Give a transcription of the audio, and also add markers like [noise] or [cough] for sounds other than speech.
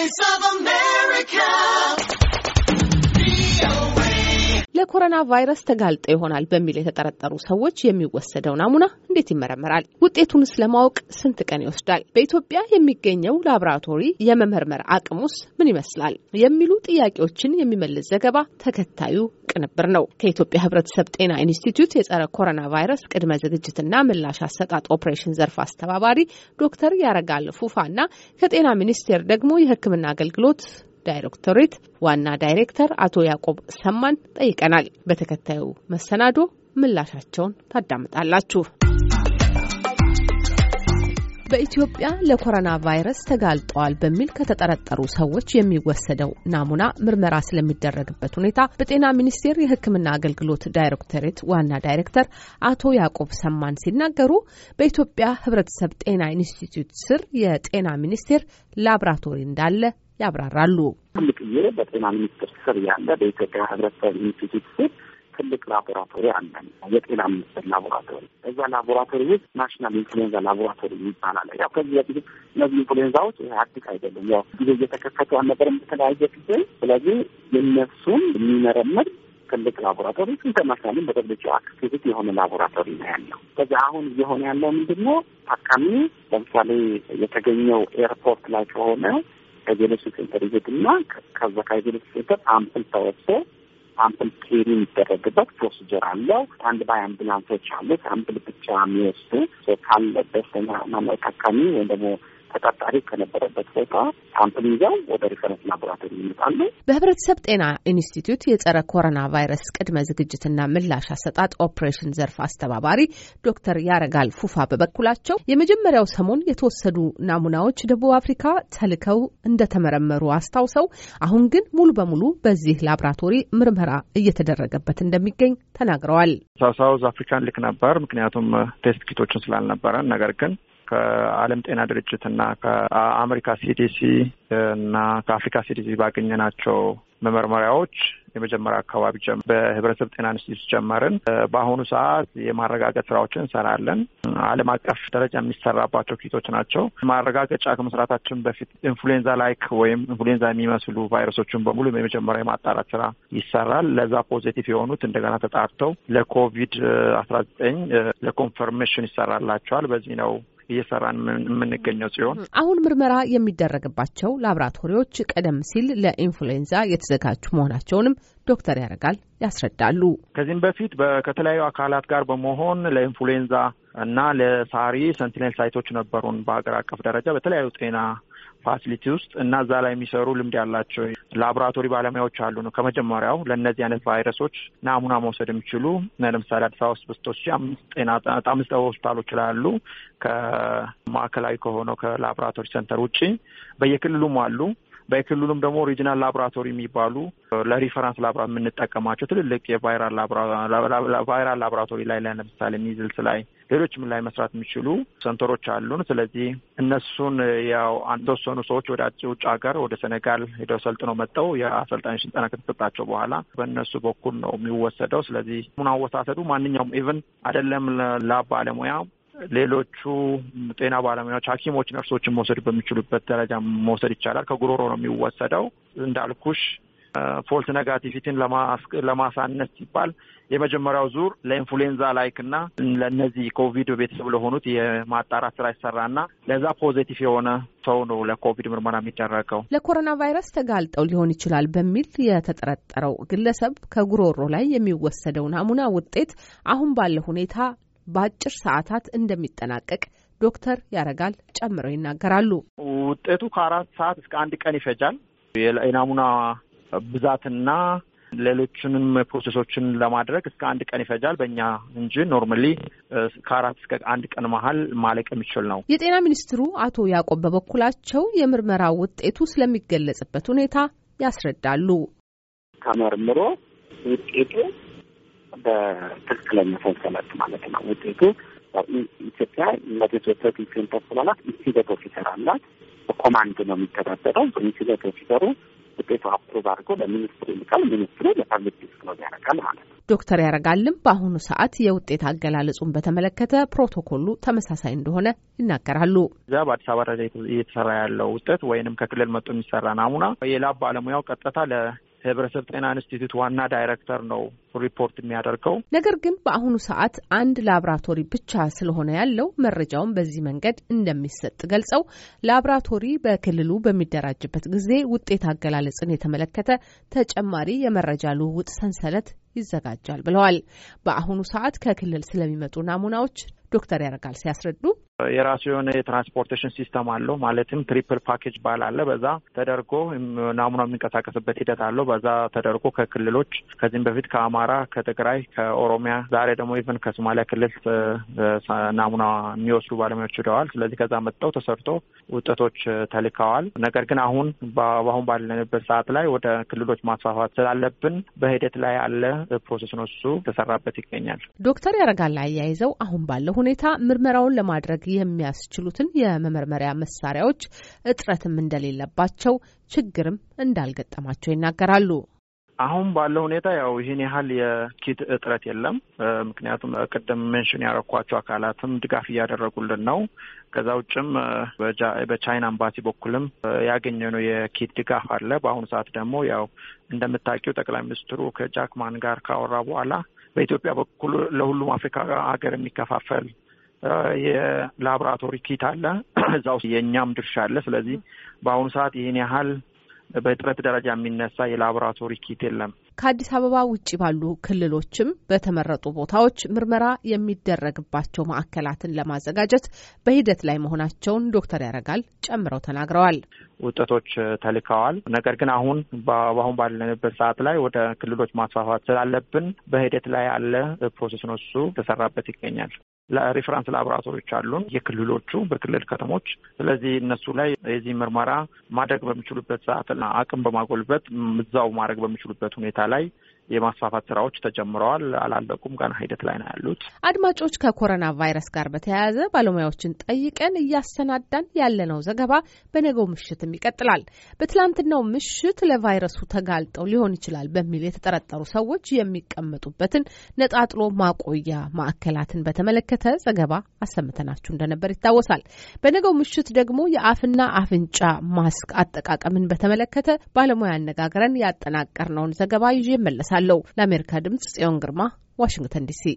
Voice of America. ለኮሮና ቫይረስ ተጋልጠው ይሆናል በሚል የተጠረጠሩ ሰዎች የሚወሰደው ናሙና እንዴት ይመረመራል? ውጤቱንስ ለማወቅ ስንት ቀን ይወስዳል? በኢትዮጵያ የሚገኘው ላብራቶሪ የመመርመር አቅሙስ ምን ይመስላል? የሚሉ ጥያቄዎችን የሚመልስ ዘገባ ተከታዩ ቅንብር ነው። ከኢትዮጵያ ሕብረተሰብ ጤና ኢንስቲትዩት የጸረ ኮሮና ቫይረስ ቅድመ ዝግጅትና ምላሽ አሰጣጥ ኦፕሬሽን ዘርፍ አስተባባሪ ዶክተር ያረጋል ፉፋ እና ከጤና ሚኒስቴር ደግሞ የሕክምና አገልግሎት ዳይሬክቶሬት ዋና ዳይሬክተር አቶ ያዕቆብ ሰማን ጠይቀናል። በተከታዩ መሰናዶ ምላሻቸውን ታዳምጣላችሁ። በኢትዮጵያ ለኮሮና ቫይረስ ተጋልጠዋል በሚል ከተጠረጠሩ ሰዎች የሚወሰደው ናሙና ምርመራ ስለሚደረግበት ሁኔታ በጤና ሚኒስቴር የሕክምና አገልግሎት ዳይሬክቶሬት ዋና ዳይሬክተር አቶ ያዕቆብ ሰማን ሲናገሩ በኢትዮጵያ ሕብረተሰብ ጤና ኢንስቲትዩት ስር የጤና ሚኒስቴር ላብራቶሪ እንዳለ ያብራራሉ። ትልቅ ዬ በጤና ሚኒስቴር ስር ያለ በኢትዮጵያ ህብረተሰብ ኢንስቲትዩት ስር ትልቅ ላቦራቶሪ አለን። የጤና ሚኒስቴር ላቦራቶሪ። እዛ ላቦራቶሪ ውስጥ ናሽናል ኢንፍሉዌንዛ ላቦራቶሪ ይባላል። ያው ከዚህ በፊት እነዚህ ኢንፍሉዌንዛዎች አዲስ አይደለም። ያው ጊዜ እየተከሰቱ አልነበረም በተለያየ ጊዜ። ስለዚህ የነሱን የሚመረምር ትልቅ ላቦራቶሪ ኢንተርናሽናልን በደብልጭ አክቲቪት የሆነ ላቦራቶሪ ነው ያለው። ከዚህ አሁን እየሆነ ያለው ምንድን ነው? ታካሚ ለምሳሌ የተገኘው ኤርፖርት ላይ ከሆነ ከጄኔሲስ ሴንተር ይሄድ ይሄድና ከዛ ከጄኔሲስ ሴንተር አምፕል ተወሶ አምፕል ኬሪ የሚደረግበት ፕሮሲጀር አለው። አንድ ባይ አምቡላንሶች አሉት። አምፕል ብቻ የሚወስዱ ካለበት ታካሚ ወይም ደግሞ ተጠርጣሪ ከነበረበት ቦታ ሳምፕል ይዘው ወደ ሪፈረንስ ላቦራቶሪ ይመጣሉ። በህብረተሰብ ጤና ኢንስቲትዩት የጸረ ኮሮና ቫይረስ ቅድመ ዝግጅትና ምላሽ አሰጣጥ ኦፕሬሽን ዘርፍ አስተባባሪ ዶክተር ያረጋል ፉፋ በበኩላቸው የመጀመሪያው ሰሞን የተወሰዱ ናሙናዎች ደቡብ አፍሪካ ተልከው እንደተመረመሩ አስታውሰው አሁን ግን ሙሉ በሙሉ በዚህ ላቦራቶሪ ምርመራ እየተደረገበት እንደሚገኝ ተናግረዋል። ሳውዝ አፍሪካን ልክ ነበር፣ ምክንያቱም ቴስት ኪቶችን ስላልነበረን ነገር ግን ከዓለም ጤና ድርጅት እና ከአሜሪካ ሲዲሲ እና ከአፍሪካ ሲዲሲ ባገኘናቸው መመርመሪያዎች የመጀመሪያ አካባቢ በህብረተሰብ ጤና ኢንስቲትዩት ጀመርን። በአሁኑ ሰዓት የማረጋገጥ ስራዎችን እንሰራለን። ዓለም አቀፍ ደረጃ የሚሰራባቸው ኪቶች ናቸው። ማረጋገጫ ከመስራታችን በፊት ኢንፍሉዌንዛ ላይክ ወይም ኢንፍሉዌንዛ የሚመስሉ ቫይረሶችን በሙሉ የመጀመሪያ የማጣራት ስራ ይሰራል። ለዛ ፖዚቲቭ የሆኑት እንደገና ተጣርተው ለኮቪድ አስራ ዘጠኝ ለኮንፈርሜሽን ይሰራላቸዋል። በዚህ ነው እየሰራን የምንገኘው ሲሆን አሁን ምርመራ የሚደረግባቸው ላብራቶሪዎች ቀደም ሲል ለኢንፍሉዌንዛ የተዘጋጁ መሆናቸውንም ዶክተር ያረጋል ያስረዳሉ። ከዚህም በፊት ከተለያዩ አካላት ጋር በመሆን ለኢንፍሉዌንዛ እና ለሳሪ ሰንቲኔል ሳይቶች ነበሩን በሀገር አቀፍ ደረጃ በተለያዩ ጤና ፋሲሊቲ ውስጥ እና እዛ ላይ የሚሰሩ ልምድ ያላቸው ላቦራቶሪ ባለሙያዎች አሉ ነው ከመጀመሪያው ለእነዚህ አይነት ቫይረሶች ናሙና መውሰድ የሚችሉ ለምሳሌ አዲስ አበባ ውስጥ በስቶች አምስት ጤና አምስት ሆስፒታሎች ላይ ከማዕከላዊ ከሆነው ከላቦራቶሪ ሰንተር ውጭ በየክልሉም አሉ በክልሉም ደግሞ ሪጂናል ላቦራቶሪ የሚባሉ ለሪፈራንስ ላብራ የምንጠቀማቸው ትልልቅ የቫይራል ላቦራቶሪ ላይ ላይ ለምሳሌ ሚዝልስ ላይ ሌሎችም ላይ መስራት የሚችሉ ሰንተሮች አሉን። ስለዚህ እነሱን ያው አንተወሰኑ ሰዎች ወደ ውጭ ሀገር ወደ ሴኔጋል ሄደው ሰልጥነው መጥተው የአሰልጣኞች ስልጠና ከተሰጣቸው በኋላ በእነሱ በኩል ነው የሚወሰደው። ስለዚህ ሙን አወሳሰዱ ማንኛውም ኢቨን አይደለም ላብ ባለሙያ ሌሎቹ ጤና ባለሙያዎች፣ ሐኪሞች፣ ነርሶችን መውሰድ በሚችሉበት ደረጃ መውሰድ ይቻላል። ከጉሮሮ ነው የሚወሰደው። እንዳልኩሽ ፎልስ ነጋቲቪቲን ለማሳነስ ሲባል የመጀመሪያው ዙር ለኢንፍሉዌንዛ ላይክ እና ለእነዚህ ኮቪድ ቤተሰብ ለሆኑት የማጣራት ስራ ይሰራና ለዛ ፖዚቲቭ የሆነ ሰው ነው ለኮቪድ ምርመራ የሚደረገው። ለኮሮና ቫይረስ ተጋልጠው ሊሆን ይችላል በሚል የተጠረጠረው ግለሰብ ከጉሮሮ ላይ የሚወሰደው ናሙና ውጤት አሁን ባለ ሁኔታ በአጭር ሰዓታት እንደሚጠናቀቅ ዶክተር ያረጋል ጨምረው ይናገራሉ። ውጤቱ ከአራት ሰዓት እስከ አንድ ቀን ይፈጃል። የናሙና ብዛትና ሌሎችንም ፕሮሴሶችን ለማድረግ እስከ አንድ ቀን ይፈጃል። በእኛ እንጂ ኖርማሊ ከአራት እስከ አንድ ቀን መሀል ማለቅ የሚችል ነው። የጤና ሚኒስትሩ አቶ ያዕቆብ በበኩላቸው የምርመራ ውጤቱ ስለሚገለጽበት ሁኔታ ያስረዳሉ። ከምርምሮ ውጤቱ በትክክለኛ ሰንሰለት ማለት ነው። ውጤቱ ኢትዮጵያ ለዴቨሎፕመንት ኢንሴንት አስተላላት ኢንሲደት ኦፊሰር አላት። በኮማንድ ነው የሚተዳደረው። ኢንሲደት ኦፊሰሩ ውጤቱ አፕሩቭ አድርጎ ለሚኒስትሩ ይልካል። ሚኒስትሩ ለፐብሊክ ዲስክሎዝ ያደርጋል ማለት ነው። ዶክተር ያረጋልም በአሁኑ ሰዓት የውጤት አገላለጹን በተመለከተ ፕሮቶኮሉ ተመሳሳይ እንደሆነ ይናገራሉ። እዚያ በአዲስ አበባ እየተሰራ ያለው ውጤት ወይንም ከክልል መጡ የሚሰራ ናሙና የላብ ባለሙያው ቀጥታ ህብረተሰብ ጤና ኢንስቲትዩት ዋና ዳይሬክተር ነው ሪፖርት የሚያደርገው። ነገር ግን በአሁኑ ሰዓት አንድ ላብራቶሪ ብቻ ስለሆነ ያለው መረጃውን በዚህ መንገድ እንደሚሰጥ ገልጸው ላብራቶሪ በክልሉ በሚደራጅበት ጊዜ ውጤት አገላለጽን የተመለከተ ተጨማሪ የመረጃ ልውውጥ ሰንሰለት ይዘጋጃል ብለዋል። በአሁኑ ሰዓት ከክልል ስለሚመጡ ናሙናዎች ዶክተር ያረጋል ሲያስረዱ የራሱ የሆነ የትራንስፖርቴሽን ሲስተም አለው። ማለትም ትሪፕል ፓኬጅ ባል አለ። በዛ ተደርጎ ናሙና የሚንቀሳቀስበት ሂደት አለው። በዛ ተደርጎ ከክልሎች ከዚህም በፊት ከአማራ፣ ከትግራይ፣ ከኦሮሚያ ዛሬ ደግሞ ኢቨን ከሶማሊያ ክልል ናሙና የሚወስዱ ባለሙያዎች ሂደዋል። ስለዚህ ከዛ መጥተው ተሰርቶ ውጤቶች ተልከዋል። ነገር ግን አሁን በአሁን ባለንበት ሰዓት ላይ ወደ ክልሎች ማስፋፋት ስላለብን በሂደት ላይ ያለ ፕሮሰስ ነው። እሱ ተሰራበት ይገኛል። ዶክተር ያረጋል አያይዘው አሁን ባለው ሁኔታ ምርመራውን ለማድረግ የሚያስችሉትን የመመርመሪያ መሳሪያዎች እጥረትም እንደሌለባቸው ችግርም እንዳልገጠማቸው ይናገራሉ። አሁን ባለው ሁኔታ ያው ይህን ያህል የኪት እጥረት የለም። ምክንያቱም ቅድም ሜንሽን ያረኳቸው አካላትም ድጋፍ እያደረጉልን ነው። ከዛ ውጭም በቻይና አምባሲ በኩልም ያገኘነው የኪት ድጋፍ አለ። በአሁኑ ሰዓት ደግሞ ያው እንደምታውቂው ጠቅላይ ሚኒስትሩ ከጃክማን ጋር ካወራ በኋላ በኢትዮጵያ በኩል ለሁሉም አፍሪካ ሀገር የሚከፋፈል የላቦራቶሪ ኪት አለ። [clears throat] እዛ ውስጥ የእኛም ድርሻ አለ። ስለዚህ በአሁኑ ሰዓት ይህን ያህል በጥረት ደረጃ የሚነሳ የላቦራቶሪ ኪት የለም። ከአዲስ አበባ ውጭ ባሉ ክልሎችም በተመረጡ ቦታዎች ምርመራ የሚደረግባቸው ማዕከላትን ለማዘጋጀት በሂደት ላይ መሆናቸውን ዶክተር ያረጋል ጨምረው ተናግረዋል። ውጤቶች ተልከዋል። ነገር ግን አሁን በአሁን ባለንበት ሰዓት ላይ ወደ ክልሎች ማስፋፋት ስላለብን በሂደት ላይ ያለ ፕሮሴስ ነው። እሱ ተሰራበት ይገኛል። ሬፈራንስ ላቦራቶሪዎች አሉን የክልሎቹ በክልል ከተሞች። ስለዚህ እነሱ ላይ የዚህ ምርመራ ማድረግ በሚችሉበት ሰዓት አቅም በማጎልበት እዛው ማድረግ በሚችሉበት ሁኔታ ላይ የማስፋፋት ስራዎች ተጀምረዋል፣ አላለቁም፣ ገና ሂደት ላይ ነው ያሉት። አድማጮች፣ ከኮሮና ቫይረስ ጋር በተያያዘ ባለሙያዎችን ጠይቀን እያሰናዳን ያለነው ዘገባ በነገው ምሽትም ይቀጥላል። በትላንትናው ምሽት ለቫይረሱ ተጋልጠው ሊሆን ይችላል በሚል የተጠረጠሩ ሰዎች የሚቀመጡበትን ነጣጥሎ ማቆያ ማዕከላትን በተመለከተ ዘገባ አሰምተናችሁ እንደነበር ይታወሳል። በነገው ምሽት ደግሞ የአፍና አፍንጫ ማስክ አጠቃቀምን በተመለከተ ባለሙያ አነጋግረን ያጠናቀርነውን ዘገባ ይዤ እመለሳለሁ። ለአሜሪካ ድምጽ ጽዮን ግርማ፣ ዋሽንግተን ዲሲ